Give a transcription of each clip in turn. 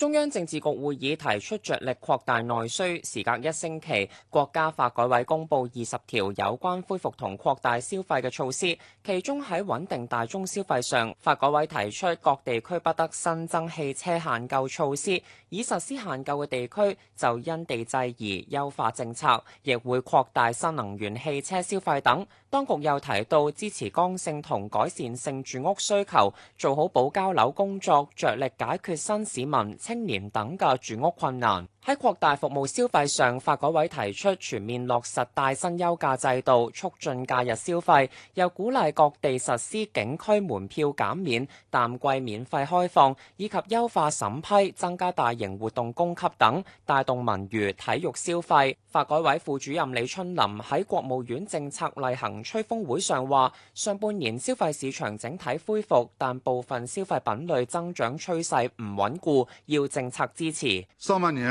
中央政治局會議提出着力擴大內需，時隔一星期，國家發改委公布二十條有關恢復同擴大消費嘅措施。其中喺穩定大宗消費上，發改委提出各地區不得新增汽車限購措施，已實施限購嘅地區就因地制宜優化政策，亦會擴大新能源汽車消費等。當局又提到支持剛性同改善性住屋需求，做好保交樓工作，着力解決新市民青年等嘅住屋困難。喺擴大服務消費上，發改委提出全面落實帶薪休假制度，促進假日消費；又鼓勵各地實施景區門票減免、淡季免費開放，以及優化審批、增加大型活動供給等，帶動文娛體育消費。發改委副主任李春林喺國務院政策例行吹風會上話：上半年消費市場整體恢復，但部分消費品類增長趨勢唔穩固，要政策支持。上半年。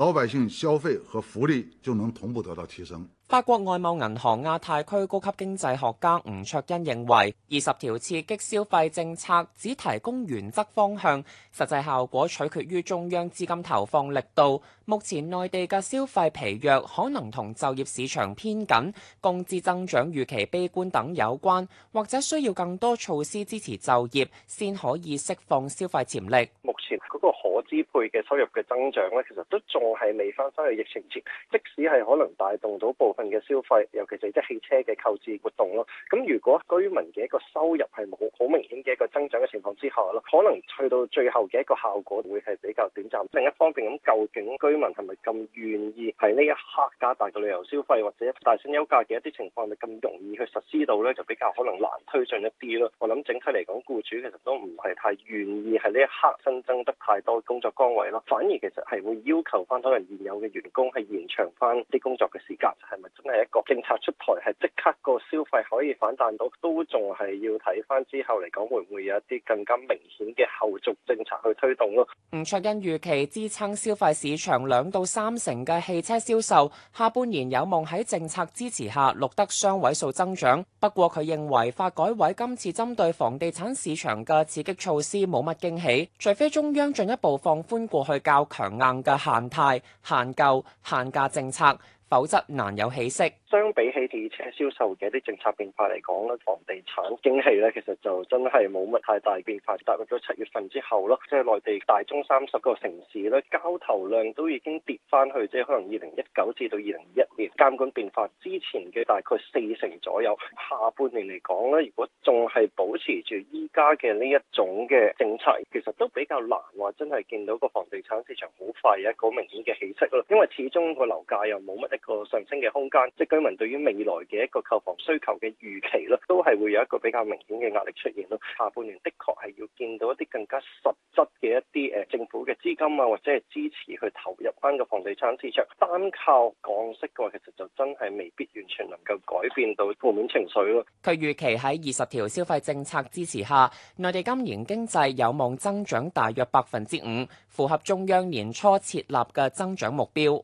老百姓消費和福利就能同步得到提升。法國外貿銀行亞太區高級經濟學家吳卓恩認為，二十條刺激消費政策只提供原則方向，實際效果取決於中央資金投放力度。目前內地嘅消費疲弱，可能同就業市場偏緊、工資增長預期悲觀等有關，或者需要更多措施支持就業，先可以釋放消費潛力。目前嗰個可支配嘅收入嘅增長呢，其實都仲係未翻返去疫情前，即使係可能帶動到部分。嘅消費，尤其是啲汽車嘅購置活動咯。咁如果居民嘅一個收入係冇好明顯嘅一個增長嘅情況之下咯，可能去到最後嘅一個效果會係比較短暫。另一方面，咁究竟居民係咪咁願意喺呢一刻加大個旅遊消費，或者帶薪休假嘅一啲情況，係咪咁容易去實施到呢？就比較可能難推進一啲咯。我諗整體嚟講，僱主其實都唔係太願意喺呢一刻新增得太多工作崗位咯，反而其實係會要求翻可能現有嘅員工係延長翻啲工作嘅時間，係咪？真係一個政策出台係即刻個消費可以反彈到，都仲係要睇翻之後嚟講會唔會有一啲更加明顯嘅後續政策去推動咯。吳卓恩預期支撐消費市場兩到三成嘅汽車銷售，下半年有望喺政策支持下錄得雙位數增長，不過，佢認為發改委今次針對房地產市場嘅刺激措施冇乜驚喜，除非中央進一步放寬過去較強硬嘅限貸限購限價政策。否則難有起色。相比起汽車銷售嘅啲政策變化嚟講咧，房地產景氣咧其實就真係冇乜太大變化，達到咗七月份之後咯，即係內地大中三十個城市咧，交投量都已經跌翻去，即係可能二零一九至到二零二一年監管變化之前嘅大概四成左右。下半年嚟講咧，如果仲係保持住依家嘅呢一種嘅政策，其實都比較難話真係見到個房地產市場好快有一個明顯嘅起色咯，因為始終個樓價又冇乜一個上升嘅空間，即市民對於未來嘅一個購房需求嘅預期咯，都係會有一個比較明顯嘅壓力出現咯。下半年的確係要見到一啲更加實質嘅一啲誒政府嘅資金啊，或者係支持去投入翻個房地產市場。單靠降息嘅話，其實就真係未必完全能夠改變到負面情緒咯。佢預期喺二十條消費政策支持下，內地今年經濟有望增長大約百分之五，符合中央年初設立嘅增長目標。